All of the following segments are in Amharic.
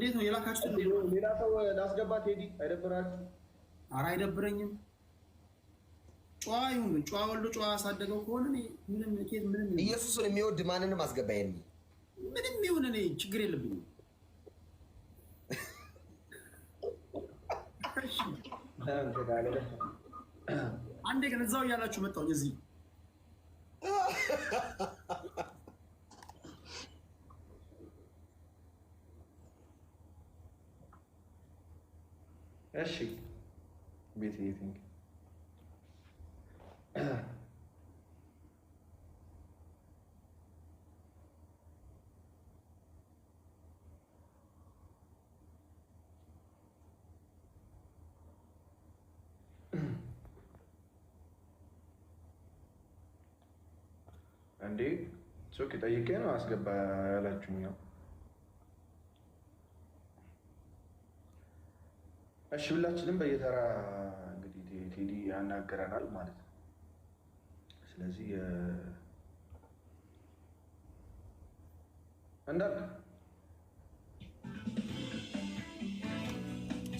እንዴት ነው የላካችሁት? ሌላ ሰው ላስገባ ቴዲ አይደብራችሁ? አረ አይደብረኝም። ጨዋ ይሁን ግን ጨዋ ወልዶ ጨዋ ያሳደገው ከሆነ ምንም ምንም ኢየሱስን የሚወድ ማንንም አስገባ ይሄን ምንም ይሁን እኔ ችግር የለብኝም። አንዴ ግን እዛው እያላችሁ መጣሁኝ እዚህ እሺ ቤት ቲንግ እንዴ ሱቅ ጠይቄ ነው አስገባ ያላችሁኛው እሺ ሁላችንም በየተራ እንግዲህ ቴዲ ያናገረናል ማለት ነው። ስለዚህ እንዳለ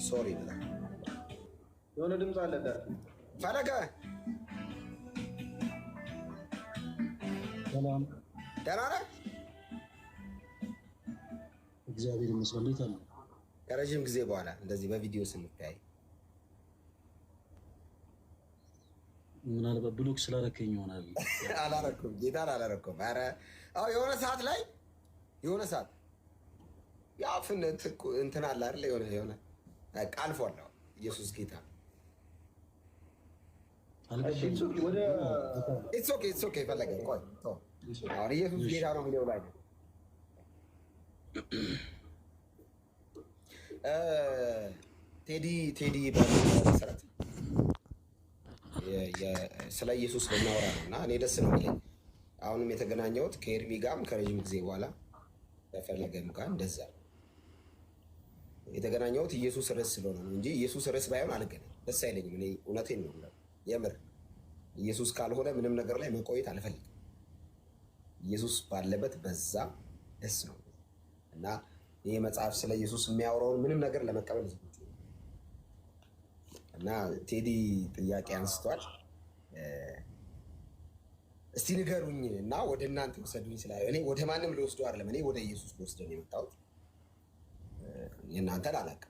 ሶሪ ብለህ የሆነ ድምፅ አለ ፈለገ ደህና ነህ? እግዚአብሔር ይመስገን። ከረዥም ጊዜ በኋላ እንደዚህ በቪዲዮ ስንታይ ምናልባት ብሎክ ስላረከኝ ይሆናል። አላረኩም፣ ጌታን አላረኩም። ኧረ አዎ፣ የሆነ ሰዓት ላይ የሆነ ሰዓት የአፍነት እንትን አለ አይደለ? የሆነ የሆነ አለው ኢየሱስ ጌታ ፈለገ። ቆይ አሁን ኢየሱስ ጌታ ነው የሚለው ላይ ነው ቴዲ ቴዲ በመሰረት ስለ ኢየሱስ ልናወራ ነው እና እኔ ደስ ነው የሚለኝ። አሁንም የተገናኘሁት ከኤርሚ ጋርም ከረዥም ጊዜ በኋላ በፈለገም ጋር እንደዛ የተገናኘሁት ኢየሱስ ርዕስ ስለሆነ ነው እንጂ ኢየሱስ ርዕስ ባይሆን አልገናኝ ደስ አይለኝም። እኔ እውነቴን ነው የምር ኢየሱስ ካልሆነ ምንም ነገር ላይ መቆየት አልፈልግም። ኢየሱስ ባለበት በዛ ደስ ነው እና ይህ መጽሐፍ ስለ ኢየሱስ የሚያወራውን ምንም ነገር ለመቀበል ዝግጁ እና ቴዲ ጥያቄ አንስቷል። እስቲ ንገሩኝ እና ወደ እናንተ ውሰዱኝ ስላ እኔ ወደ ማንም ልወስዱ አይደለም። እኔ ወደ ኢየሱስ ልወስደን የመጣሁት የእናንተን አላውቅም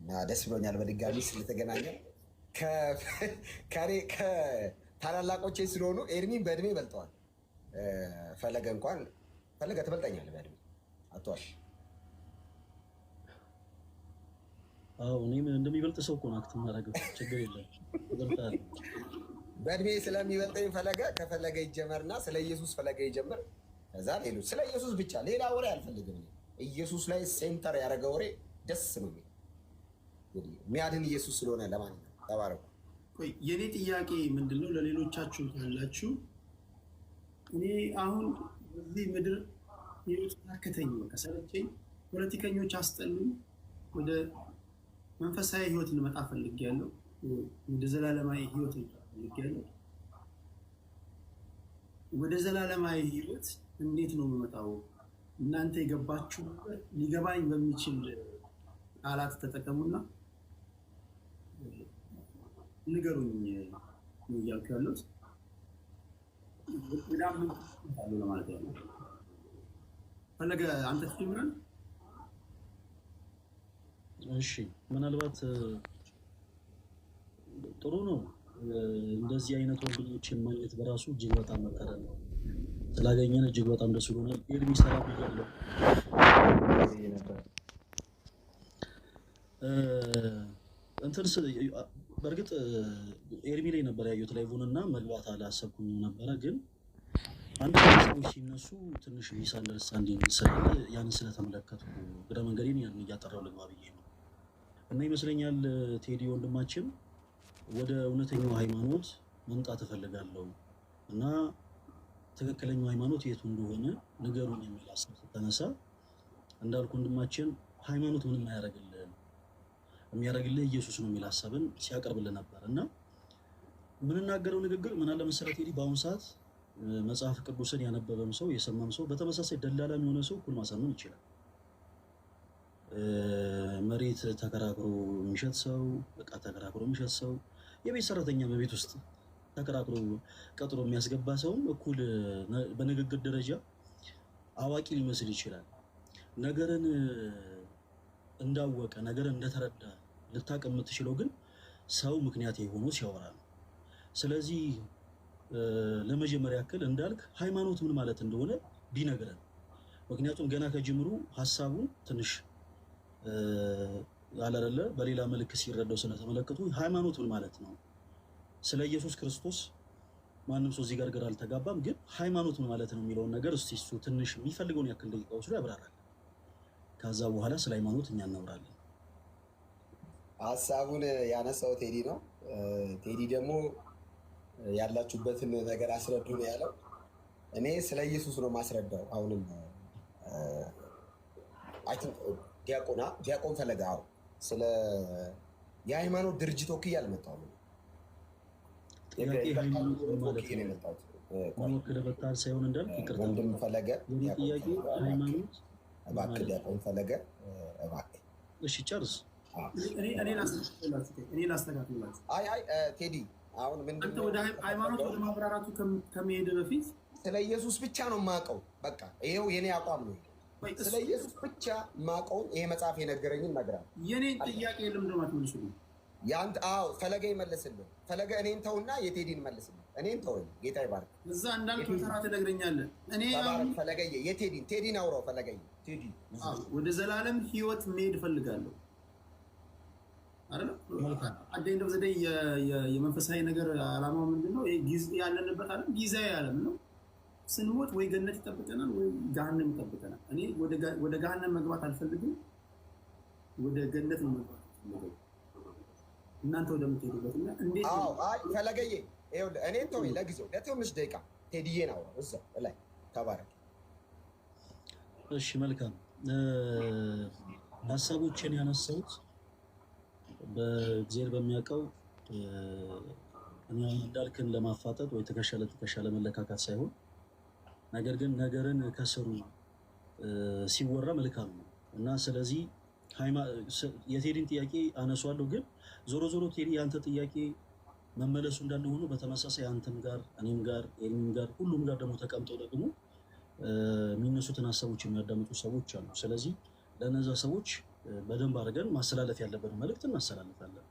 እና ደስ ብሎኛል በድጋሚ ስለተገናኘ ከታላላቆቼ ስለሆኑ ኤርሚን በእድሜ ይበልጠዋል። ፈለገ እንኳን ፈለገ ትበልጠኛል በእድሜ አቷል አዎ እኔም እንደሚበልጥ ሰው እኮ ነው አክት ችግር የለም በእድሜ ስለሚበልጠኝ ፈለገ ከፈለገ ይጀመርና ስለ ኢየሱስ ፈለገ ይጀምር። ከዛ ሌሎች ስለ ኢየሱስ ብቻ ሌላ ወሬ አልፈልግም። ኢየሱስ ላይ ሴንተር ያደረገ ወሬ ደስ ነው የሚያድን ኢየሱስ ስለሆነ። ለማን ተባረኩ። የእኔ ጥያቄ ምንድን ነው ለሌሎቻችሁ ካላችሁ፣ እኔ አሁን በዚህ ምድር ሌሎች ታከተኝ ከሰለቸኝ፣ ፖለቲከኞች አስጠሉኝ ወደ መንፈሳዊ ህይወት ልመጣ ፈልጌያለሁ። ወደ ዘላለማዊ ህይወት ልመጣ ፈልጌያለሁ። ወደ ዘላለማዊ ህይወት እንዴት ነው የምመጣው? እናንተ የገባችሁ ሊገባኝ በሚችል ቃላት ተጠቀሙና ንገሩኝ ነው እያልኩ ያሉት። ፈለገ አንተ ትጀምራል። እሺ ምናልባት ጥሩ ነው። እንደዚህ አይነት ወንድሞችን ማግኘት በራሱ እጅግ በጣም መከረ ነው። ስላገኘን እጅግ በጣም ደስ ብሎናል። ኤርሚ ሰላም ብያለሁ። እንትን በእርግጥ ኤርሚ ላይ ነበር ያየሁት ላይቡን እና መግባት አላሰብኩኝ ነበረ፣ ግን አንድ ሰዎች ሲነሱ ትንሽ ሚስ አንደርስታንዲንግ ስላለ ያንን ስለተመለከትኩ ግረ መንገዴን ያን እያጠራው ልግባ ብዬ ነው እና ይመስለኛል ቴዲ ወንድማችን ወደ እውነተኛው ሃይማኖት መምጣት እፈልጋለሁ እና ትክክለኛው ሃይማኖት የቱ እንደሆነ ንገሩን የሚል ሀሳብ እንዳልኩ ወንድማችን ሃይማኖት ምንም አያደርግልህም፣ የሚያደርግልህ ኢየሱስ ነው የሚል ሀሳብን ሲያቀርብልህ ነበር እና የምንናገረው ንግግር ምን አለ መሰለህ ቴዲ በአሁኑ ሰዓት መጽሐፍ ቅዱስን ያነበበም ሰው የሰማም ሰው በተመሳሳይ ደላላም የሆነ ሰው እኩል ማሳመን ይችላል። መሬት ተከራክሮ የሚሸጥ ሰው፣ እቃ ተከራክሮ የሚሸጥ ሰው፣ የቤት ሰራተኛ በቤት ውስጥ ተከራክሮ ቀጥሮ የሚያስገባ ሰውም እኩል በንግግር ደረጃ አዋቂ ሊመስል ይችላል። ነገርን እንዳወቀ ነገርን እንደተረዳ ልታቅ የምትችለው ግን ሰው ምክንያት የሆኑ ሲያወራ ነው። ስለዚህ ለመጀመሪያ ያክል እንዳልክ ሃይማኖት ምን ማለት እንደሆነ ቢነግረን፣ ምክንያቱም ገና ከጅምሩ ሀሳቡን ትንሽ አላደለ በሌላ መልክ ሲረዳው ስለተመለከቱ ሃይማኖት ምን ማለት ነው? ስለ ኢየሱስ ክርስቶስ ማንም ሰው እዚህ ጋር ግራ አልተጋባም። ግን ሃይማኖት ምን ማለት ነው የሚለውን ነገር እስቲ እሱ ትንሽ የሚፈልገውን ያክል ደቂቃ ወስዶ ያብራራል። ከዛ በኋላ ስለ ሃይማኖት እኛ እናወራለን። ሀሳቡን ያነሳው ቴዲ ነው። ቴዲ ደግሞ ያላችሁበትን ነገር አስረዱ ነው ያለው። እኔ ስለ ኢየሱስ ነው ማስረዳው። አሁንም ዲያቆና ዲያቆን ፈለገ አዎ፣ ስለ የሃይማኖት ድርጅት ወክዬ አልመጣሁም። ወንድም ፈለገ እባክህ፣ ዲያቆን ፈለገ እባክህ። እሺ ጨርስ። እኔ ላስተካክልላት። አይ አይ፣ ቴዲ አሁን ምንድን ነው ወደ ሃይማኖት ወደ ማብራራቱ ከመሄድ በፊት ስለ ኢየሱስ ብቻ ነው የማውቀው። በቃ ይኸው የኔ አቋም ነው። ስለ ኢየሱስ ብቻ ማቀውን ይሄ መጽሐፍ የነገረኝን እነግርሃለሁ። የኔን ጥያቄ ልምድ ትመልስሉ የአንድ አዎ ፈለገ ይመልስልህ። ፈለገ እኔን ተውና የቴዲን መልስልህ። እኔን ተው ጌታ ይባርክ። እዛ እንዳልክ ተራ ትነግረኛለህ። እኔ ፈለገዬ የቴዲን ቴዲን አውራው ፈለገዬ ቴዲ ወደ ዘላለም ህይወት መሄድ እፈልጋለሁ አይደል? የመንፈሳዊ ነገር አላማው ነው? ያለንበት አለም ጊዜያዊ አለም ነው ስንሞት ወይ ገነት ይጠብቀናል ወይ ገሃነም ይጠብቀናል። እኔ ወደ ገሃነም መግባት አልፈልግም፣ ወደ ገነት ነው መግባት። እናንተ ወደምትሄዱበት ፈለገዬ፣ እኔ ቶ ለጊዜው ለትንሽ ደቂቃ ቴዲዬ ነው እዛ ላይ ተባረክ። እሺ መልካም ሀሳቦችን ያነሳሁት በእግዜር በሚያውቀው እኔ እንዳልክን ለማፋጠጥ ወይ ትከሻ ለትከሻ ለመለካካት ሳይሆን ነገር ግን ነገርን ከስሩ ሲወራ መልካም ነው እና ስለዚህ የቴዲን ጥያቄ አነሷለሁ። ግን ዞሮ ዞሮ ቴዲ የአንተ ጥያቄ መመለሱ እንዳለ ሆኖ በተመሳሳይ አንተም ጋር እኔም ጋር ኤልሚም ጋር ሁሉም ጋር ደግሞ ተቀምጠው ደግሞ የሚነሱትን ሀሳቦች የሚያዳምጡ ሰዎች አሉ። ስለዚህ ለነዛ ሰዎች በደንብ አድርገን ማስተላለፍ ያለብን መልእክት እናስተላልፋለን።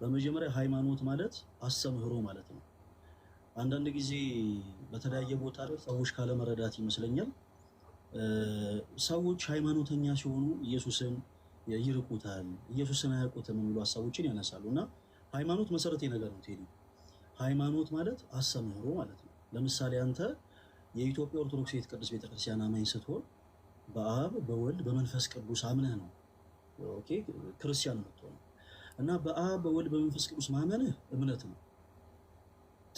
በመጀመሪያ ሃይማኖት ማለት አስተምህሮ ማለት ነው። አንዳንድ ጊዜ በተለያየ ቦታ ላይ ሰዎች ካለመረዳት ይመስለኛል ሰዎች ሃይማኖተኛ ሲሆኑ ኢየሱስን ይርቁታል፣ ኢየሱስን አያውቁትም የሚሉ ሀሳቦችን ያነሳሉ። እና ሃይማኖት መሰረቴ ነገር ነው ቴዲ። ሃይማኖት ማለት አስተምህሮ ማለት ነው። ለምሳሌ አንተ የኢትዮጵያ ኦርቶዶክስ ቤተ ቅዱስ ቤተክርስቲያን አማኝ ስትሆን በአብ በወልድ በመንፈስ ቅዱስ አምነህ ነው ክርስቲያን ምትሆነ እና በአብ በወልድ በመንፈስ ቅዱስ ማመንህ እምነት ነው።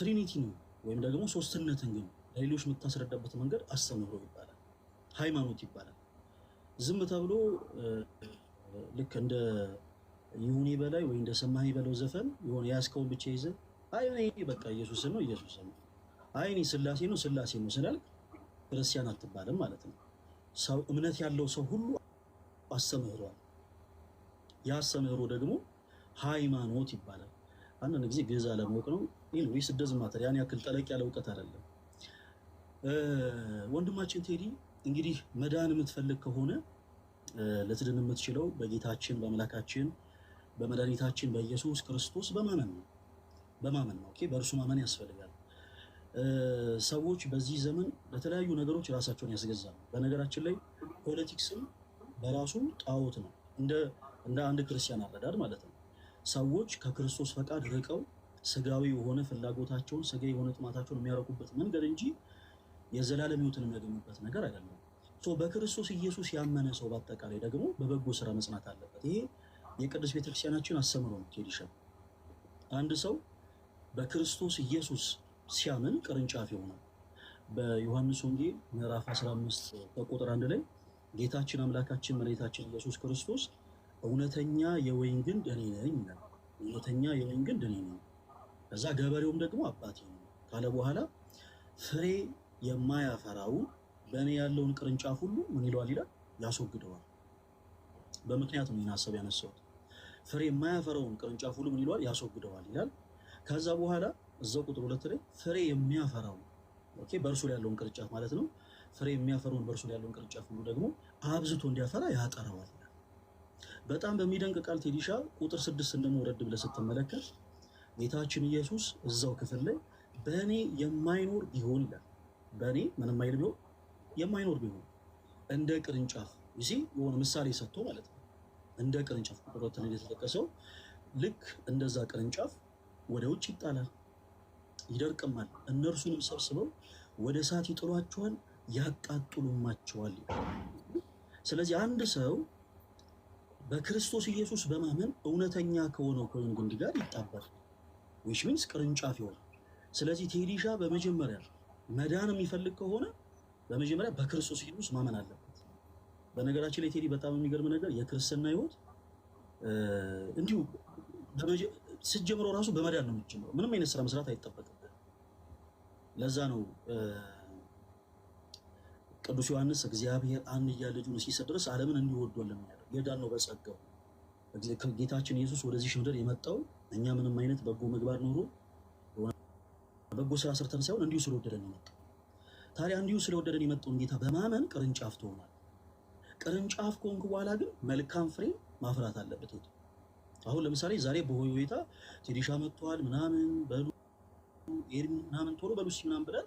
ትሪኒቲ ነው ወይም ደግሞ ሶስትነትን ግን ለሌሎች የምታስረዳበት መንገድ አስተምህሮ ይባላል፣ ሃይማኖት ይባላል። ዝም ተብሎ ልክ እንደ ይሁኔ በላይ ወይ እንደ ሰማኸኝ በለው ዘፈን የሆነ ያዝከውን ብቻ ይዘ አይ በቃ ኢየሱስን ነው ኢየሱስ ነው አይ እኔ ስላሴ ነው ስላሴ ነው ስላል ክርስቲያን አትባልም ማለት ነው። ሰው እምነት ያለው ሰው ሁሉ አስተምህሯል። ያ አስተምህሮ ደግሞ ሃይማኖት ይባላል። አንዳንድ ጊዜ ገዛ ለማወቅ ነው። ስደዝ ማተር ያን ያክል ጠለቅ ያለ እውቀት አይደለም። ወንድማችን ቴዲ እንግዲህ መዳን የምትፈልግ ከሆነ ልትድን የምትችለው በጌታችን በአምላካችን በመድኃኒታችን በኢየሱስ ክርስቶስ በማመን ነው በማመን ነው። ኦኬ በእርሱ ማመን ያስፈልጋል። ሰዎች በዚህ ዘመን ለተለያዩ ነገሮች ራሳቸውን ያስገዛሉ። በነገራችን ላይ ፖለቲክስም በራሱ ጣዖት ነው፣ እንደ አንድ ክርስቲያን አረዳድ ማለት ነው። ሰዎች ከክርስቶስ ፈቃድ ርቀው ስጋዊ የሆነ ፍላጎታቸውን ስጋ የሆነ ጥማታቸውን የሚያረኩበት መንገድ እንጂ የዘላለም ህይወትን የሚያገኙበት ነገር አይደለም። በክርስቶስ ኢየሱስ ያመነ ሰው በአጠቃላይ ደግሞ በበጎ ስራ መጽናት አለበት። ይሄ የቅዱስ ቤተክርስቲያናችን አስተምሮ ነው። ቴዲሻ አንድ ሰው በክርስቶስ ኢየሱስ ሲያምን ቅርንጫፍ ይሆናል። በዮሐንስ ወንጌል ምዕራፍ 15 ከቁጥር አንድ ላይ ጌታችን አምላካችን መድኃኒታችን ኢየሱስ ክርስቶስ እውነተኛ የወይን ግንድ እኔ ነኝ ይላል። እውነተኛ የወይን ግንድ እኔ ነኝ፣ ከዛ ገበሬውም ደግሞ አባቴ ነው ካለ በኋላ ፍሬ የማያፈራውን በእኔ ያለውን ቅርንጫፍ ሁሉ ምን ይለዋል ይላል፣ ያስወግደዋል። በምክንያት ነው ይህን ሀሳብ ያነሳሁት። ፍሬ የማያፈራውን ቅርንጫፍ ሁሉ ምን ይለዋል፣ ያስወግደዋል ይላል። ከዛ በኋላ እዛው ቁጥር ሁለት ላይ ፍሬ የሚያፈራው ኦኬ፣ በእርሱ ላይ ያለውን ቅርንጫፍ ማለት ነው። ፍሬ የሚያፈራውን በእርሱ ላይ ያለውን ቅርንጫፍ ሁሉ ደግሞ አብዝቶ እንዲያፈራ ያጠረዋል። በጣም በሚደንቅ ቃል ቴዲሻ ቁጥር ስድስት እንደመውረድ ብለህ ስትመለከት ጌታችን ኢየሱስ እዛው ክፍል ላይ በእኔ የማይኖር ቢሆን ይላል። በእኔ ምንም አይል ቢሆን የማይኖር ቢሆን እንደ ቅርንጫፍ ይሲ የሆነ ምሳሌ ሰጥቶ ማለት ነው። እንደ ቅርንጫፍ ቁጥር ሁለት የተጠቀሰው ልክ እንደዛ ቅርንጫፍ ወደ ውጭ ይጣላል፣ ይደርቅማል። እነርሱንም ሰብስበው ወደ እሳት ይጥሏቸዋል፣ ያቃጥሉማቸዋል። ስለዚህ አንድ ሰው በክርስቶስ ኢየሱስ በማመን እውነተኛ ከሆነው ከወንድ ጋር ይጣበቃል። ዊች ሚንስ ቅርንጫፍ ይሆናል። ስለዚህ ቴዲሻ በመጀመሪያ መዳን የሚፈልግ ከሆነ በመጀመሪያ በክርስቶስ ኢየሱስ ማመን አለበት። በነገራችን ላይ ቴዲ በጣም የሚገርም ነገር የክርስትና ህይወት እንዲሁ ስትጀምረው ራሱ በመዳን ነው የምትጀምረው። ምንም አይነት ስራ መስራት አይጠበቅም። ለዛ ነው ቅዱስ ዮሐንስ እግዚአብሔር አንድያ ልጁን እስኪሰጥ ድረስ ዓለምን እንዲወዷል የሚያደርግ የዳን ነው በጸጋው ጌታችን ኢየሱስ ወደዚህ ምድር የመጣው እኛ ምንም አይነት በጎ ምግባር ኖሮ በጎ ስራ ሰርተን ሳይሆን እንዲሁ ስለወደደን የመጣው። ታዲያ እንዲሁ ስለወደደን የመጣውን ጌታ በማመን ቅርንጫፍ ትሆናል። ቅርንጫፍ ከሆንክ በኋላ ግን መልካም ፍሬ ማፍራት አለበት። አሁን ለምሳሌ ዛሬ በሆይ ሁኔታ ቴዲሻ መጥቷል ምናምን በሉ ምናምን ቶሎ በሉ ምናምን ብለን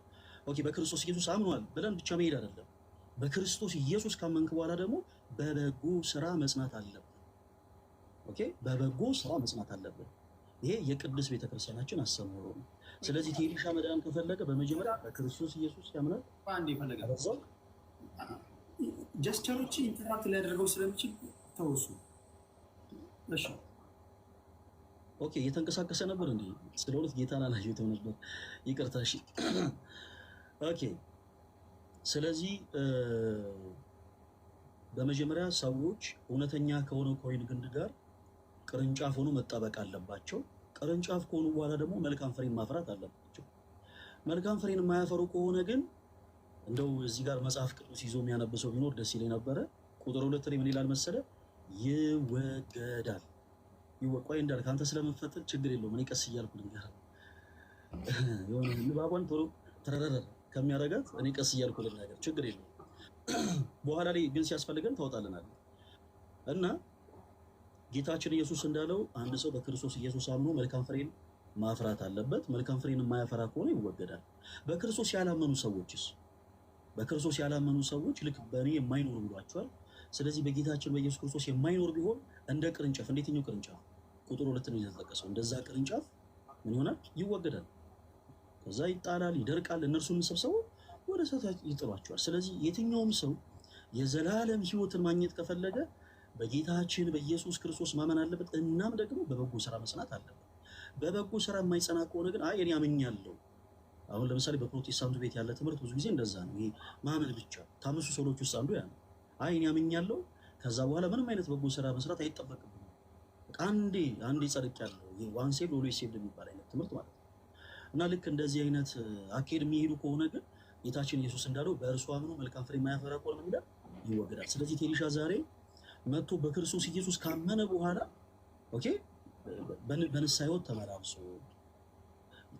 ኦኬ በክርስቶስ ኢየሱስ አምኗል ብለን ብቻ መሄድ አይደለም በክርስቶስ ኢየሱስ ካመንክ በኋላ ደግሞ በበጎ ስራ መጽናት አለብን። ኦኬ፣ በበጎ ስራ መጽናት አለብን። ይሄ የቅዱስ ቤተክርስቲያናችን አስተምህሮ ነው። ስለዚህ ቴሊሻ መዳን ከፈለገ በመጀመሪያ በክርስቶስ ኢየሱስ ያምናል። አንድ ይፈልጋል። ጀስቸሮች ኢንተራክት ሊያደርገው ስለሚችል ተወሱ። እሺ ኦኬ፣ እየተንቀሳቀሰ ነበር እንዴ? ስለ ሁለት ጌታን አላየሁትም ነበር። ይቅርታ። እሺ ኦኬ ስለዚህ በመጀመሪያ ሰዎች እውነተኛ ከሆነ ኮይን ግንድ ጋር ቅርንጫፍ ሆኖ መጣበቅ አለባቸው። ቅርንጫፍ ከሆኑ በኋላ ደግሞ መልካም ፍሬን ማፍራት አለባቸው። መልካም ፍሬን የማያፈሩ ከሆነ ግን እንደው እዚህ ጋር መጽሐፍ ቅዱስ ይዞ የሚያነብሰው ቢኖር ደስ ይለኝ ነበረ። ቁጥር ሁለት ላይ ምን ይላል መሰለ? ይወገዳል። ይወቋይ እንዳል ከአንተ ስለምፈጥር ችግር የለውም እኔ ቀስ እያልኩ ልንገር የሆነ ንባቧን ቶሎ ተረረረ ከሚያረጋት እኔ ቀስ እያልኩ ልናገር፣ ችግር የለም። በኋላ ላይ ግን ሲያስፈልገን ታወጣልናል። እና ጌታችን ኢየሱስ እንዳለው አንድ ሰው በክርስቶስ ኢየሱስ አምኖ መልካም ፍሬን ማፍራት አለበት። መልካም ፍሬን የማያፈራ ከሆነ ይወገዳል። በክርስቶስ ያላመኑ ሰዎችስ? በክርስቶስ ያላመኑ ሰዎች ልክ በእኔ የማይኖር ብሏቸዋል። ስለዚህ በጌታችን በኢየሱስ ክርስቶስ የማይኖር ቢሆን እንደ ቅርንጫፍ፣ እንዴትኛው ቅርንጫፍ? ቁጥር ሁለት ነው የተጠቀሰው። እንደዛ ቅርንጫፍ ምን ይሆናል? ይወገዳል። ከዛ ይጣላል፣ ይደርቃል። እነርሱን ሰብስበው ወደ እሳት ይጥሏቸዋል። ስለዚህ የትኛውም ሰው የዘላለም ሕይወትን ማግኘት ከፈለገ በጌታችን በኢየሱስ ክርስቶስ ማመን አለበት። እናም ደግሞ በበጎ ስራ መጽናት አለበት። በበጎ ስራ የማይጸና ከሆነ ግን አይ እኔ አምኛለሁ። አሁን ለምሳሌ በፕሮቴስታንቱ ቤት ያለ ትምህርት ብዙ ጊዜ እንደዛ ነው። ይሄ ማመን ብቻ ከአምስቱ ሰሎች ውስጥ አንዱ ያ ነው። አይ እኔ አምኛለሁ፣ ከዛ በኋላ ምንም አይነት በጎ ስራ መስራት አይጠበቅብም። አንዴ አንዴ ጸድቅ ያለው ዋንሴ ሎሎ ሴብ የሚባል አይነት ትምህርት ማለት ነው። እና ልክ እንደዚህ አይነት አካሄድ የሚሄዱ ከሆነ ግን ጌታችን ኢየሱስ እንዳለው በእርሱ አምኖ መልካም ፍሬ የማያፈራ ከሆነ ምን ይወገዳል። ስለዚህ ቴሊሻ ዛሬ መጥቶ በክርስቶስ ኢየሱስ ካመነ በኋላ ኦኬ በንስሐ ሕይወት ተመላልሶ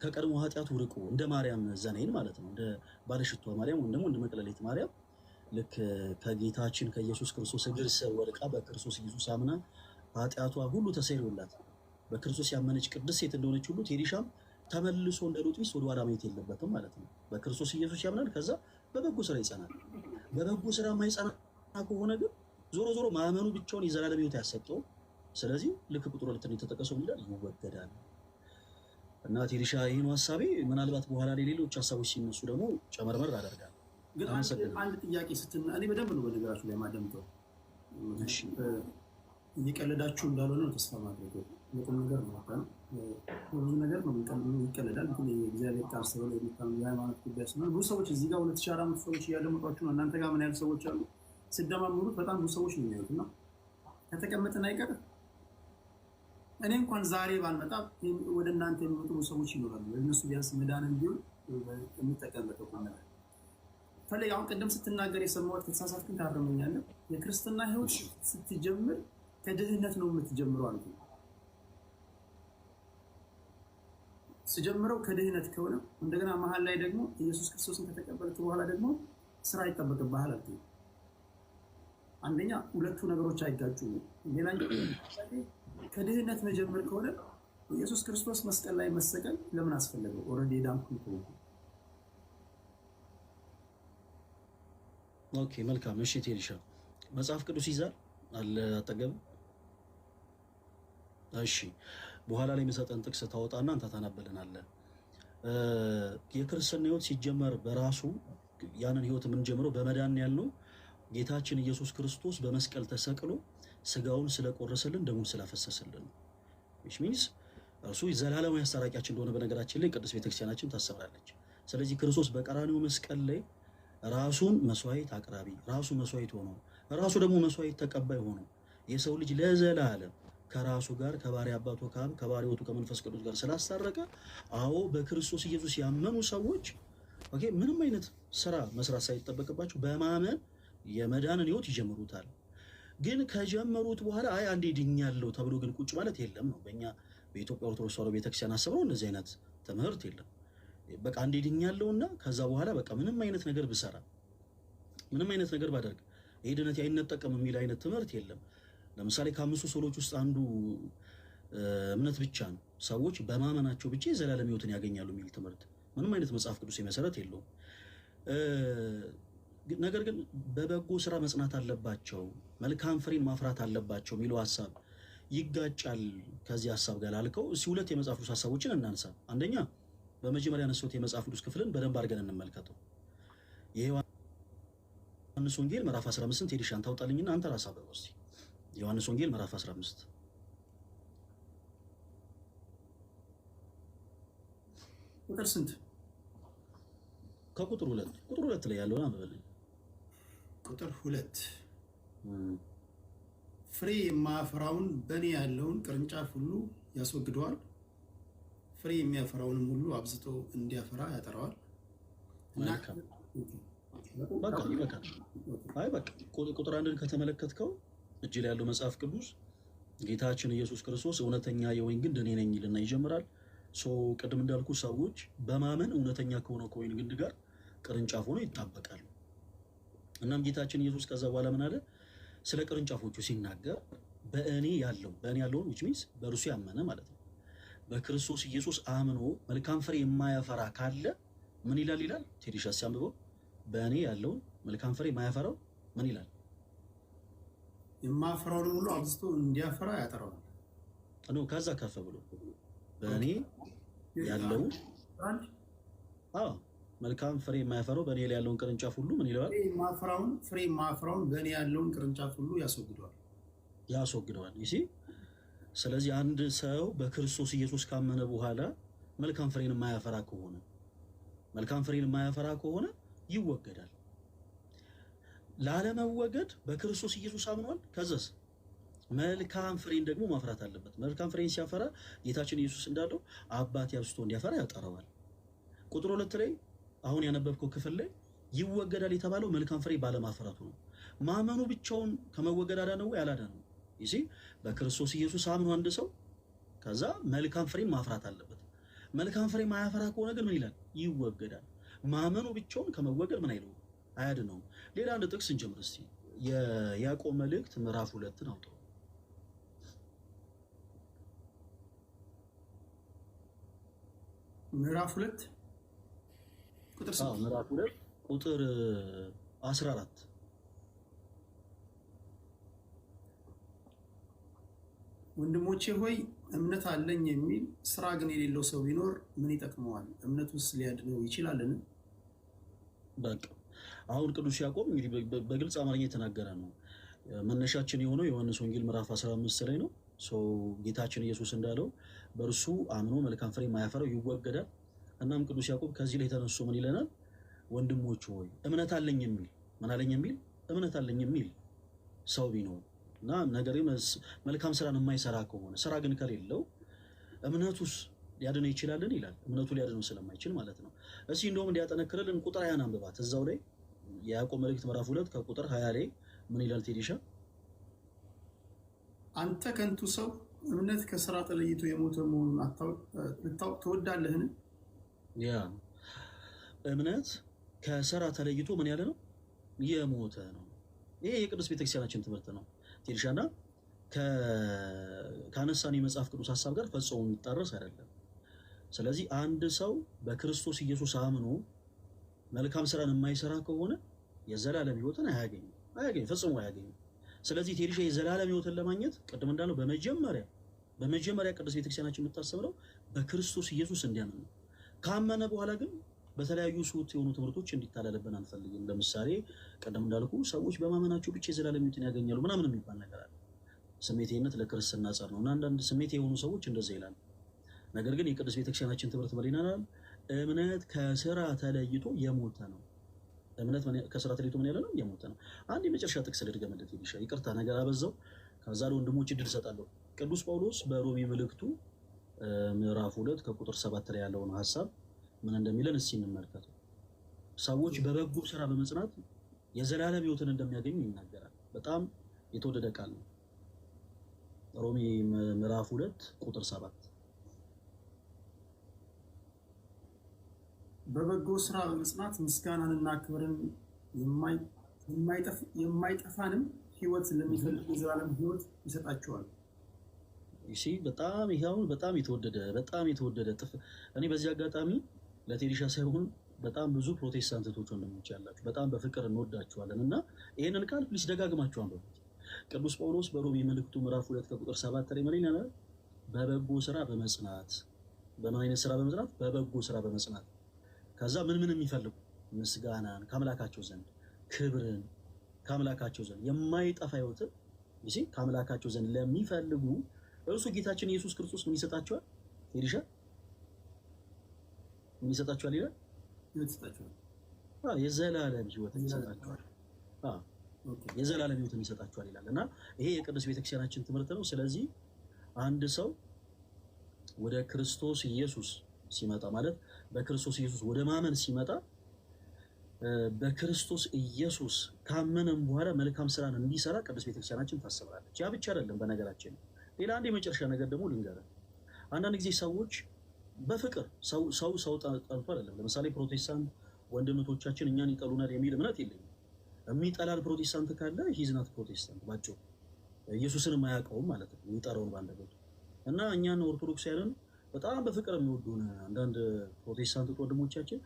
ከቀድሞ ኃጢአቱ ርቆ እንደ ማርያም ዘነይን ማለት ነው እንደ ባለሽቷ ማርያም ወይም ደግሞ እንደ መቅለሌት ማርያም ልክ ከጌታችን ከኢየሱስ ክርስቶስ እግር ስር ወድቃ በክርስቶስ ኢየሱስ አምና ኃጢአቷ ሁሉ ተሰይሮላት በክርስቶስ ያመነች ቅድስት ሴት እንደሆነች ሁሉ ቴሪሻም ተመልሶ እንደ ሎጥ ወደ ኋላ ማየት የለበትም ማለት ነው። በክርስቶስ ኢየሱስ ያምናል፣ ከዛ በበጎ ስራ ይጸናል። በበጎ ስራ ማይጸና ከሆነ ግን ዞሮ ዞሮ ማመኑ ብቻውን የዘላለም ህይወት ያሰጠው። ስለዚህ ልክ ቁጥር ሁለት የተጠቀሰው ይላል ይወገዳል። እና ቴሪሻ ይህን ሀሳቤ ምናልባት በኋላ ላይ ሌሎች ሀሳቦች ሲነሱ ደግሞ ጨመርመር አደርጋለሁ። ግን አንድ ጥያቄ ስትና እኔ በደንብ ነው በነገራችሁ ላይ ማደምጠው እየቀለዳችሁ እንዳልሆነ ተስፋ ማድረግ የቁም ነገር ነው። ብዙ ነገር ነው ይቀለዳል። የእግዚአብሔር ቃል ስለሆነ የሃይማኖት ጉዳይ ስለሆነ ብዙ ሰዎች እዚህ ጋር ሁለት ሺህ አራት መቶ ሰዎች እያደመጧችሁ ነው። እናንተ ጋር ምን ያህል ሰዎች አሉ? ስደማምሩት በጣም ብዙ ሰዎች ነው የሚያዩት። እና ከተቀመጥን አይቀር እኔ እንኳን ዛሬ ባልመጣ ወደ እናንተ የሚመጡ ብዙ ሰዎች ይኖራሉ። እነሱ ቢያንስ መዳንን ቢሆን የሚጠቀምበት ነገር በተለይ አሁን ቅድም ስትናገር የሰማሁት ከተሳሳትክን ታረመኛለን። የክርስትና ህይወት ስትጀምር ከድህነት ነው የምትጀምረው አልኩኝ ስጀምረው ከድህነት ከሆነ እንደገና መሀል ላይ ደግሞ ኢየሱስ ክርስቶስን ከተቀበልክ በኋላ ደግሞ ስራ ይጠበቅብሃል። አል አንደኛ ሁለቱ ነገሮች አይጋጩም። ሌላ ከድህነት መጀመር ከሆነ ኢየሱስ ክርስቶስ መስቀል ላይ መሰቀል ለምን አስፈለገው? ኦልሬዲ ዳንኩን ከሆነ ኦኬ፣ መልካም እሺ። ቴሪሻ መጽሐፍ ቅዱስ ይዛል አለ አጠገብ እሺ በኋላ ላይ የሚሰጠን ጥቅስ ታወጣና አንተ ታናበልናለህ። የክርስትና ህይወት ሲጀመር በራሱ ያንን ህይወት የምንጀምረው በመዳን ያልነው ጌታችን ኢየሱስ ክርስቶስ በመስቀል ተሰቅሎ ስጋውን ስለቆረሰልን ደሙን ስላፈሰሰልን ዊች ሚንስ እርሱ ዘላለማዊ አስታራቂያችን እንደሆነ በነገራችን ላይ ቅዱስ ቤተክርስቲያናችን ታሰብራለች። ስለዚህ ክርስቶስ በቀራኒው መስቀል ላይ ራሱን መስዋዕት አቅራቢ ራሱ መስዋዕት ሆኖ ራሱ ደግሞ መስዋዕት ተቀባይ ሆኖ የሰው ልጅ ለዘላለም ከራሱ ጋር ከባሪ አባቱ ካም ከባሪዎቱ ከመንፈስ ቅዱስ ጋር ስላስታረቀ፣ አዎ በክርስቶስ ኢየሱስ ያመኑ ሰዎች ኦኬ ምንም አይነት ስራ መስራት ሳይጠበቅባቸው በማመን የመዳንን ህይወት ይጀምሩታል። ግን ከጀመሩት በኋላ አይ አንዴ ድኛለሁ ተብሎ ግን ቁጭ ማለት የለም ነው። በእኛ በኢትዮጵያ ኦርቶዶክስ ተዋሕዶ ቤተክርስቲያን አስበው እንደዚህ አይነት ትምህርት የለም። በቃ አንዴ ድኛለሁና ከዛ በኋላ በቃ ምንም አይነት ነገር ብሰራ ምንም አይነት ነገር ባደርግ ይሄ ድነት አይነጠቅም የሚል አይነት ትምህርት የለም። ለምሳሌ ከአምስቱ ሶሎች ውስጥ አንዱ እምነት ብቻ ነው። ሰዎች በማመናቸው ብቻ የዘላለም ሕይወትን ያገኛሉ የሚል ትምህርት ምንም አይነት መጽሐፍ ቅዱስ መሰረት የለውም። ነገር ግን በበጎ ስራ መጽናት አለባቸው፣ መልካም ፍሬን ማፍራት አለባቸው የሚለው ሀሳብ ይጋጫል ከዚህ ሀሳብ ጋር ላልከው እስኪ ሁለት የመጽሐፍ ቅዱስ ሀሳቦችን እናንሳ። አንደኛ በመጀመሪያ ያነሳሁት የመጽሐፍ ቅዱስ ክፍልን በደንብ አድርገን እንመልከተው። የዮሐንስ ወንጌል ምዕራፍ 15 ቴዲሻን ታውጣልኝና አንተ ራስህ አብበው እስኪ ዮሐንስ ወንጌል ምዕራፍ 15 ቁጥር ስንት? ከቁጥር ሁለት ቁጥር ሁለት ላይ ያለውን አንብበልኝ። ቁጥር ሁለት ፍሬ የማያፈራውን በእኔ ያለውን ቅርንጫፍ ሁሉ ያስወግደዋል፣ ፍሬ የሚያፈራውንም ሁሉ አብዝቶ እንዲያፈራ ያጠራዋል። በቃ ይበቃል። አይ በቃ ቁጥር አንድን ከተመለከትከው እጅ ላይ ያለው መጽሐፍ ቅዱስ ጌታችን ኢየሱስ ክርስቶስ እውነተኛ የወይን ግንድ እኔ ነኝ ይልና ይጀምራል። ቅድም እንዳልኩ ሰዎች በማመን እውነተኛ ከሆነ ከወይን ግንድ ጋር ቅርንጫፍ ሆኖ ይጣበቃሉ። እናም ጌታችን ኢየሱስ ከዛ በኋላ ምን አለ? ስለ ቅርንጫፎቹ ሲናገር በእኔ ያለው በእኔ ያለውን ዊች ሚንስ በእርሱ ያመነ ማለት ነው በክርስቶስ ኢየሱስ አምኖ መልካም ፍሬ የማያፈራ ካለ ምን ይላል ይላል ቴዲሻ ሲያንብበው በእኔ ያለውን መልካም ፍሬ የማያፈራው ምን ይላል የማፈራውን ሁሉ አብዝቶ እንዲያፈራ ያጠራዋል። ኖ ከዛ ከፍ ብሎ በእኔ ያለው መልካም ፍሬ የማያፈራው በእኔ ላይ ያለውን ቅርንጫፍ ሁሉ ምን ይለዋል? ማፍራውን ፍሬ ማፍራውን በእኔ ያለውን ቅርንጫፍ ሁሉ ያስወግደዋል ያስወግደዋል። ይሲ ስለዚህ አንድ ሰው በክርስቶስ ኢየሱስ ካመነ በኋላ መልካም ፍሬን የማያፈራ ከሆነ መልካም ፍሬን የማያፈራ ከሆነ ይወገዳል። ላለመወገድ በክርስቶስ ኢየሱስ አምኗል። ከዛስ መልካም ፍሬን ደግሞ ማፍራት አለበት። መልካም ፍሬን ሲያፈራ ጌታችን ኢየሱስ እንዳለው አባት ያብስቶ እንዲያፈራ ያጠረዋል። ቁጥር ሁለት ላይ አሁን ያነበብከው ክፍል ላይ ይወገዳል የተባለው መልካም ፍሬ ባለማፍራቱ ነው። ማመኑ ብቻውን ከመወገድ አዳነው ወይ? አላዳነው። በክርስቶስ ኢየሱስ አምኖ አንድ ሰው ከዛ መልካም ፍሬን ማፍራት አለበት። መልካም ፍሬ ማያፈራ ከሆነ ግን ምን ይላል? ይወገዳል። ማመኑ ብቻውን ከመወገድ ምን አይለው አያድነውም። ሌላ አንድ ጥቅስ እንጀምር እስቲ የያዕቆብ መልእክት ምዕራፍ ሁለትን አውጣው። ምዕራፍ ሁለት ቁጥር ምዕራፍ ሁለት ቁጥር 14 ወንድሞቼ ሆይ እምነት አለኝ የሚል ስራ ግን የሌለው ሰው ቢኖር ምን ይጠቅመዋል? እምነቱስ ሊያድነው ይችላልን? በቃ አሁን ቅዱስ ያዕቆብ እንግዲህ በግልጽ አማርኛ የተናገረ ነው። መነሻችን የሆነው ዮሐንስ ወንጌል ምዕራፍ 15 ላይ ነው። ሰው ጌታችን ኢየሱስ እንዳለው በእርሱ አምኖ መልካም ፍሬ ማያፈራው ይወገዳል። እናም ቅዱስ ያዕቆብ ከዚህ ላይ ተነሱ ምን ይለናል? ወንድሞች ሆይ እምነት አለኝ የሚል ምን አለኝ የሚል እምነት አለኝ የሚል ሰው ቢኖር እና ነገር መልካም ስራን የማይሰራ ከሆነ ስራ ግን ከሌለው እምነቱስ ሊያድን ይችላልን? ይላል። እምነቱ ሊያድነው ስለማይችል ማለት ነው። እስኪ እንደውም እንዲያጠነክርልን ቁጥር ያን አንብባት እዛው ላይ የያዕቆብ መልእክት ምዕራፍ ሁለት ከቁጥር ሀያ ላይ ምን ይላል? ቴዲሻ አንተ ከንቱ ሰው እምነት ከስራ ተለይቶ የሞተ መሆኑን ልታውቅ ትወዳለህን? ያ እምነት ከስራ ተለይቶ ምን ያለ ነው? የሞተ ነው። ይሄ የቅዱስ ቤተክርስቲያናችን ትምህርት ነው። ቴዲሻና ከአነሳን የመጽሐፍ ቅዱስ ሀሳብ ጋር ፈጽሞ የሚጣረስ አይደለም። ስለዚህ አንድ ሰው በክርስቶስ ኢየሱስ አምኖ መልካም ስራን የማይሰራ ከሆነ የዘላለም ህይወትን አያገኝም፣ አያገኝ ፈጽሞ አያገኝ። ስለዚህ ቴሪሻ የዘላለም ህይወትን ለማግኘት ቅድም እንዳለው በመጀመሪያ በመጀመሪያ ቅዱስ ቤተክርስቲያናችን የምታስተምረው በክርስቶስ ኢየሱስ እንዲያምን ነው። ካመነ በኋላ ግን በተለያዩ ስሁት የሆኑ ትምህርቶች እንዲታለልብን አንፈልግም። ለምሳሌ ቅድም እንዳልኩ ሰዎች በማመናቸው ብቻ የዘላለም ህይወትን ያገኛሉ ምናምን የሚባል ነገር አለ። ስሜቴነት ለክርስትና ጸር ነው እና አንዳንድ ስሜት የሆኑ ሰዎች እንደዛ ይላሉ። ነገር ግን የቅዱስ ቤተክርስቲያናችን ትምህርት መሊናናል እምነት ከስራ ተለይቶ የሞተ ነው። እምነት ከስራ ተለይቶ ምን ያለ ነው? የሞተ ነው። አንድ የመጨረሻ ጥቅስ ልድገምለት። ይሻ ይቅርታ ነገር አበዛው። ከዛ ለወንድሞች ድል እሰጣለሁ። ቅዱስ ጳውሎስ በሮሚ ምልክቱ ምዕራፍ ሁለት ከቁጥር ሰባት ላይ ያለውን ሀሳብ ምን እንደሚለን እስኪ እንመልከተው። ሰዎች በበጎ ስራ በመጽናት የዘላለም ህይወትን እንደሚያገኙ ይናገራል። በጣም የተወደደ ቃል ነው። ሮሚ ምዕራፍ ሁለት ቁጥር ሰባት በበጎ ስራ በመጽናት ምስጋናንና ክብርን የማይጠፋንም ህይወት ለሚፈልጉ የዘላለም ህይወት ይሰጣቸዋል። እሺ በጣም ይኸውን በጣም የተወደደ በጣም የተወደደ ጥፍ እኔ በዚህ አጋጣሚ ለቴሪሻ ሳይሆን በጣም ብዙ ፕሮቴስታንት እህቶች ወንድሞች ያላችሁ በጣም በፍቅር እንወዳችኋለን እና ይህንን ቃል ፕሊስ ደጋግማችሁ አንብቡ። ቅዱስ ጳውሎስ በሮሜ መልእክቱ ምዕራፍ ሁለት ከቁጥር ሰባት ላይ መለኛ በበጎ ስራ በመጽናት በምን አይነት ስራ በመጽናት በበጎ ስራ በመጽናት ከዛ ምን ምን የሚፈልጉ ምስጋናን ከአምላካቸው ዘንድ ክብርን ከአምላካቸው ዘንድ የማይጠፋ ሕይወትን ከአምላካቸው ዘንድ ለሚፈልጉ እርሱ ጌታችን ኢየሱስ ክርስቶስ ምን ይሰጣቸዋል? ሄድሻ ምን ይሰጣቸዋል ይላል የዘላለም ህይወትን ይሰጣቸዋል። የዘላለም ሕይወትን ይሰጣቸዋል ይላል እና ይሄ የቅዱስ ቤተክርስቲያናችን ትምህርት ነው። ስለዚህ አንድ ሰው ወደ ክርስቶስ ኢየሱስ ሲመጣ ማለት በክርስቶስ ኢየሱስ ወደ ማመን ሲመጣ በክርስቶስ ኢየሱስ ካመነም በኋላ መልካም ስራን እንዲሰራ ቅዱስ ቤተክርስቲያናችን ታስባለች። ያ ብቻ አይደለም። በነገራችን ሌላ አንድ የመጨረሻ ነገር ደግሞ ልንገርህ። አንዳንድ ጊዜ ሰዎች በፍቅር ሰው ሰው ጠልቶ አይደለም። ለምሳሌ ፕሮቴስታንት ወንድምቶቻችን እኛን ይጠሉናል የሚል እምነት የለኝም። የሚጠላል ፕሮቴስታንት ካለ ሂዝናት ፕሮቴስታንት ባጭሩ ኢየሱስንም አያውቀውም ማለት ነው። የሚጠራውን ባንደበቱ እና እኛን ኦርቶዶክሳውያንን በጣም በፍቅር የሚወዱን አንዳንድ ፕሮቴስታንት ወንድሞቻችን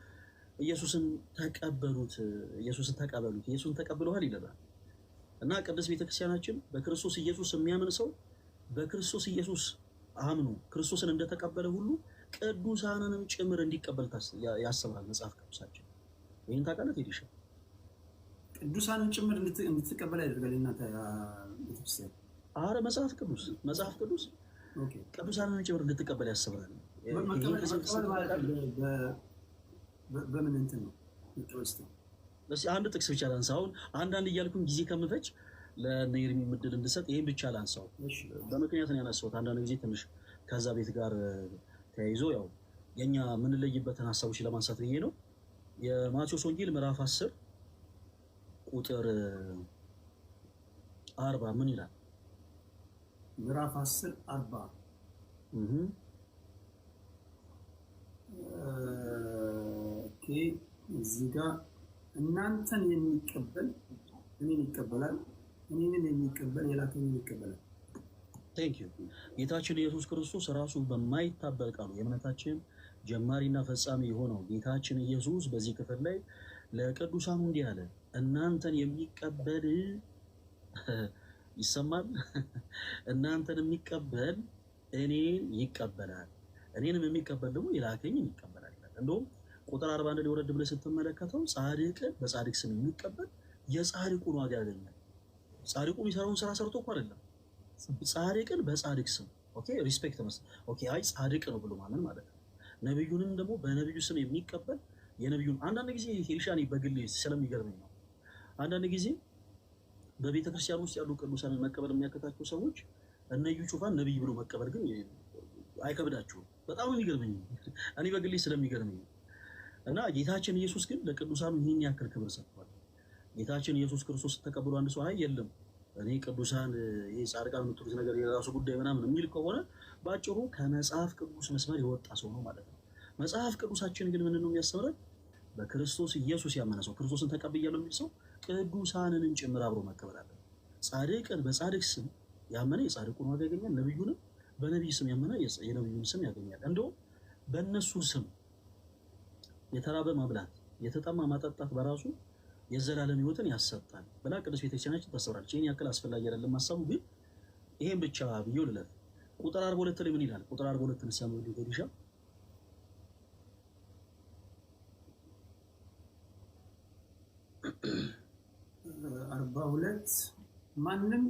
ኢየሱስን ተቀበሉት፣ ኢየሱስን ተቀበሉት፣ ኢየሱስን ተቀብለዋል ይለናል እና ቅድስት ቤተክርስቲያናችን በክርስቶስ ኢየሱስ የሚያምን ሰው በክርስቶስ ኢየሱስ አምኖ ክርስቶስን እንደተቀበለ ሁሉ ቅዱሳንንም ጭምር እንዲቀበል ያስባል መጽሐፍ ቅዱሳችን። ይህን ታውቃለህ ቴዲሻ? ቅዱሳንን ጭምር እንድትቀበል ያደርጋል እናንተ ቤተክርስቲያን። አረ መጽሐፍ ቅዱስ መጽሐፍ ቅዱስ ቅዱሳን ነው ጭምር እንድትቀበል ያስባል። በምን እንትን ነው? አንድ ጥቅስ ብቻ ላንሳ። አንዳንድ እያልኩኝ ጊዜ ከምፈጅ ለነገር ምድል እንድሰጥ ይህም ብቻ ላንሳው። በምክንያት ነው ያነሳሁት። አንዳንድ ጊዜ ትንሽ ከዛ ቤት ጋር ተያይዞ ያው የኛ የምንለይበትን ሀሳቦች ለማንሳት ብዬ ነው። የማቴዎስ ወንጌል ምዕራፍ አስር ቁጥር አርባ ምን ይላል? ምዕራፍ 10 40 ኦኬ። እዚህ ጋር እናንተን የሚቀበል እኔን ይቀበላል፣ እኔንን የሚቀበል የላከኝን ይቀበላል። ቴንክ ዩ ጌታችን ኢየሱስ ክርስቶስ ራሱ በማይታበል ቃሉ የእምነታችን ጀማሪና ፈጻሚ የሆነው ጌታችን ኢየሱስ በዚህ ክፍል ላይ ለቅዱሳኑ እንዲህ አለ፣ እናንተን የሚቀበል ይሰማል። እናንተን የሚቀበል እኔን ይቀበላል፣ እኔንም የሚቀበል ደግሞ የላከኝን ይቀበላል ይላል። እንደውም ቁጥር አርባ አንድ ሊወረድ ብለህ ስትመለከተው ጻድቅን በጻድቅ ስም የሚቀበል የጻድቁን ዋጋ ያገኛል። ጻድቁ የሚሰራውን ስራ ሰርቶ እኮ አይደለም፣ ጻድቅን በጻድቅ ስም ኦኬ፣ ሪስፔክት መስ ኦኬ፣ አይ ጻድቅ ነው ብሎ ማመን ማለት ነው። ነቢዩንም ደግሞ በነቢዩ ስም የሚቀበል የነቢዩን አንዳንድ ጊዜ ሄርሻኔ በግል ስለሚገርመኝ ነው አንዳንድ ጊዜ በቤተ ክርስቲያን ውስጥ ያሉ ቅዱሳንን መቀበል የሚያከታቸው ሰዎች እነ ጩፋን ነቢይ ብሎ መቀበል ግን አይከብዳቸውም። በጣም የሚገርመኝ እኔ በግሌ ስለሚገርመኝ እና ጌታችን ኢየሱስ ግን ለቅዱሳኑ ይህን ያክል ክብር ሰጥቷል። ጌታችን ኢየሱስ ክርስቶስ ተቀብሎ አንድ ሰው አይ የለም እኔ ቅዱሳን ጻድቃን የምትሉት ነገር የራሱ ጉዳይ ምናምን የሚል ከሆነ በአጭሩ ከመጽሐፍ ቅዱስ መስመር የወጣ ሰው ነው ማለት ነው። መጽሐፍ ቅዱሳችን ግን ምንድን ነው የሚያስተምረን? በክርስቶስ ኢየሱስ ያመነ ሰው ክርስቶስን ተቀብያለሁ የሚል ሰው ቅዱሳንንም ጭምር አብሮ መቀበል አለ። ጻድቅን በጻድቅ ስም ያመነ የጻድቁን ዋጋ ያገኛል። ነቢዩንም በነቢይ ስም ያመነ የነቢዩን ስም ያገኛል። እንደውም በእነሱ ስም የተራበ መብላት፣ የተጠማ ማጠጣት በራሱ የዘላለም ህይወትን ያሰጣል ብላ ቅዱስ ቤተክርስቲያናችን ታስተምራለች። ይህን ያክል አስፈላጊ አይደለም ሀሳቡ፣ ግን ይሄን ብቻ ብዬ ልለፍ። ቁጥር ሁለት ላይ ምን ይላል? ቁጥር 42 ሰሙ ሊጎድ ይሻል ሁለት ማንም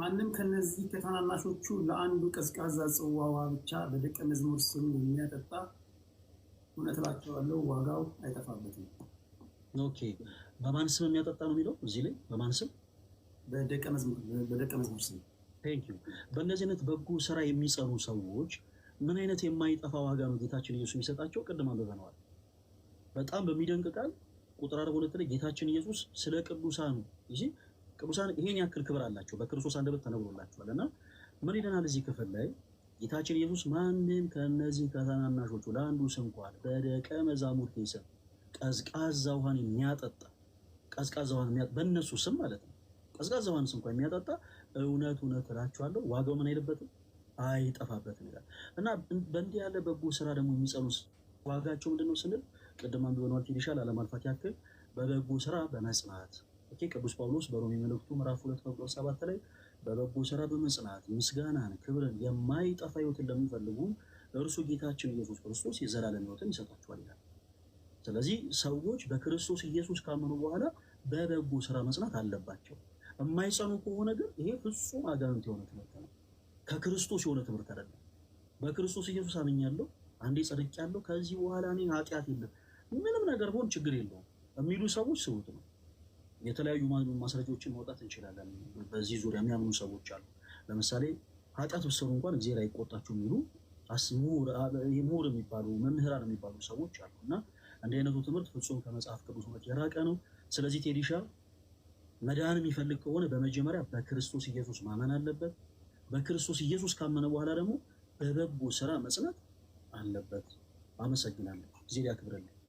ማንም ከነዚህ ከታናናሾቹ ለአንዱ ቀዝቃዛ ጽዋዋ ብቻ በደቀ መዝሙር ስም የሚያጠጣ እውነት እላቸዋለሁ ዋጋው አይጠፋበትም። ኦኬ፣ በማን ስም የሚያጠጣ ነው የሚለው እዚህ ላይ በማን ስም? በደቀ መዝሙር ስም። ቴንክ ዩ። በእነዚህ አይነት በጎ ስራ የሚጸኑ ሰዎች ምን አይነት የማይጠፋ ዋጋ ነው ጌታችን ኢየሱስ የሚሰጣቸው? ቅድም አንብበነዋል። በጣም በሚደንቅ ቃል ቁጥር አርባ ሁለት ላይ ጌታችን ኢየሱስ ስለ ቅዱሳን እንጂ ቅዱሳን ይሄን ያክል ክብር አላቸው፣ በክርስቶስ አንደበት ተነግሮላቸዋል። እና ምን ይለናል እዚህ ክፍል ላይ ጌታችን ኢየሱስ ማንም ከእነዚህ ከታናናሾቹ ለአንዱ ስንኳን በደቀ መዛሙርቴ ስም ቀዝቃዛ ውሃን የሚያጠጣ ቀዝቃዛ ውሃን በእነሱ ስም ማለት ነው ቀዝቃዛ ውሃን ስንኳን የሚያጠጣ እውነት እውነት እላችኋለሁ ዋጋው ምን አይልበትም አይጠፋበትም ይላል እና በእንዲህ ያለ በጎ ስራ ደግሞ የሚጸኑ ዋጋቸው ምንድነው ስንል ቅድም አንዱ ሆኗል ይሻል አለማልፋት ያክል በበጎ ስራ በመጽናት ኦኬ ቅዱስ ጳውሎስ በሮሜ መልእክቱ ምዕራፍ 2 ቁጥር 7 ላይ በበጎ ስራ በመጽናት ምስጋናን፣ ክብርን የማይጠፋ ህይወትን ለሚፈልጉ እርሱ ጌታችን ኢየሱስ ክርስቶስ የዘላለም ህይወትን ይሰጣቸዋል ይላል። ስለዚህ ሰዎች በክርስቶስ ኢየሱስ ካመኑ በኋላ በበጎ ስራ መጽናት አለባቸው። የማይጸኑ ከሆነ ግን ይሄ ፍጹም አጋንንት የሆነ ትምህርት ነው። ከክርስቶስ የሆነ ትምህርት አይደለም። በክርስቶስ ኢየሱስ አምኛለሁ፣ አንዴ ጸድቅ ያለው ከዚህ በኋላ እኔ ኃጢአት የለም ምንም ነገር ሆን ችግር የለውም የሚሉ ሰዎች ስውት ነው። የተለያዩ ማስረጃዎችን ማውጣት እንችላለን። በዚህ ዙሪያ የሚያምኑ ሰዎች አሉ። ለምሳሌ ኃጢአት ብትሰሩ እንኳን ላይ አይቆጣችሁም የሚሉ ምሁር የሚባሉ መምህራን የሚባሉ ሰዎች አሉ እና እንደ አይነቱ ትምህርት ፍጹም ከመጽሐፍ ቅዱስ እውነት የራቀ ነው። ስለዚህ ቴዲሻ መዳን የሚፈልግ ከሆነ በመጀመሪያ በክርስቶስ ኢየሱስ ማመን አለበት። በክርስቶስ ኢየሱስ ካመነ በኋላ ደግሞ በበጎ ስራ መጽናት አለበት። አመሰግናለሁ። ጊዜ ያክብረልኝ።